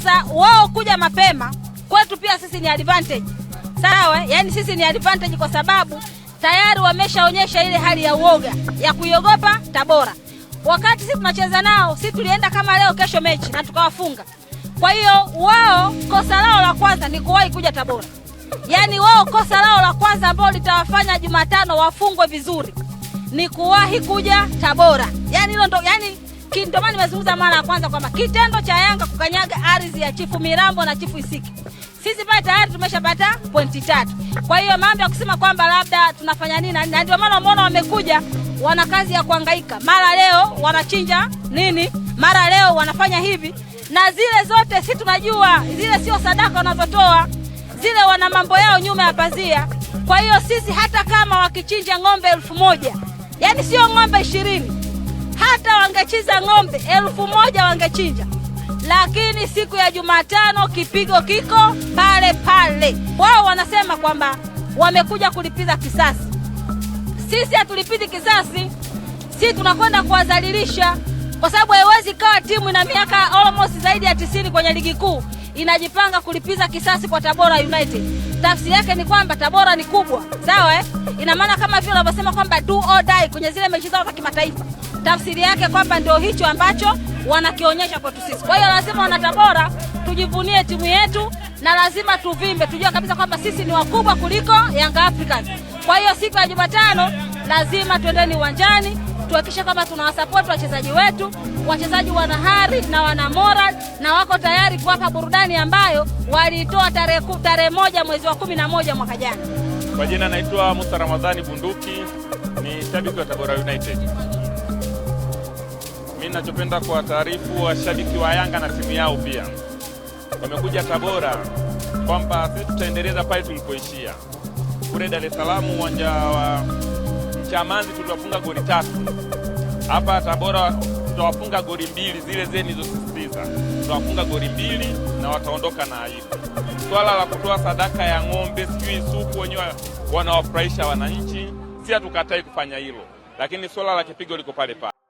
Sasa wao kuja mapema kwetu pia sisi ni advantage, sawa? Yaani sisi ni advantage kwa sababu tayari wameshaonyesha ile hali ya uoga ya kuiogopa Tabora. Wakati sisi tunacheza nao, sisi tulienda kama leo kesho mechi na tukawafunga. Kwa hiyo wao kosa lao la kwanza ni kuwahi kuja Tabora, yaani wao kosa lao la kwanza ambao litawafanya Jumatano wafungwe vizuri ni kuwahi kuja Tabora, yaani hilo ndo yani ndio maana nimezungumza mara ya kwanza kwamba kitendo cha Yanga kukanyaga ardhi ya Chifu Mirambo na Chifu Isiki, sisi pale tayari tumeshapata pointi tatu. Kwa hiyo mambo ya kusema kwamba labda tunafanya nini na ndio maana umeona wamekuja, wana kazi ya kuhangaika, mara leo wanachinja nini, mara leo wanafanya hivi na zile zote, si tunajua zile sio sadaka wanazotoa zile, wana mambo yao nyuma ya pazia. Kwa hiyo sisi hata kama wakichinja ng'ombe elfu moja yani sio ng'ombe ishirini hata wangechinja ng'ombe elfu moja wangechinja, lakini siku ya Jumatano kipigo kiko pale pale. Wao wanasema kwamba wamekuja kulipiza kisasi. Sisi hatulipizi kisasi, sisi tunakwenda kuwadhalilisha, kwa sababu haiwezi kawa timu ina miaka almost zaidi ya tisini kwenye ligi kuu inajipanga kulipiza kisasi kwa Tabora United. Tafsiri yake ni kwamba Tabora ni kubwa, sawa eh? Ina maana kama vile wanavyosema kwamba do or die kwenye zile mechi zao za kimataifa, tafsiri yake kwamba ndio hicho ambacho wanakionyesha kwetu sisi. Kwa hiyo lazima wana Tabora tujivunie timu yetu na lazima tuvimbe, tujue kabisa kwamba sisi ni wakubwa kuliko Young Africans. Kwa hiyo siku ya Jumatano lazima twendeni uwanjani tuhakikishe kwamba tunawasapoti wachezaji wetu. Wachezaji wana hari na wana moral na wako tayari kuwapa burudani ambayo waliitoa tarehe tarehe moja mwezi wa kumi na moja mwaka jana. Kwa jina naitwa Musa Ramadhani Bunduki, ni shabiki wa Tabora United. Mi nachopenda kwa taarifu washabiki wa Yanga na timu yao pia wamekuja Tabora kwamba sisi tutaendeleza pale tulipoishia kule Dar es Salaam uwanja wa Chamanzi tutawafunga goli tatu, hapa Tabora tutawafunga goli mbili, zile zile nilizosisitiza tutawafunga goli mbili na wataondoka na aibu. Swala la kutoa sadaka ya ng'ombe, sijui suku, wenyewe wanawafurahisha wananchi, si hatukatai kufanya hilo, lakini swala la kipigo liko pale pale.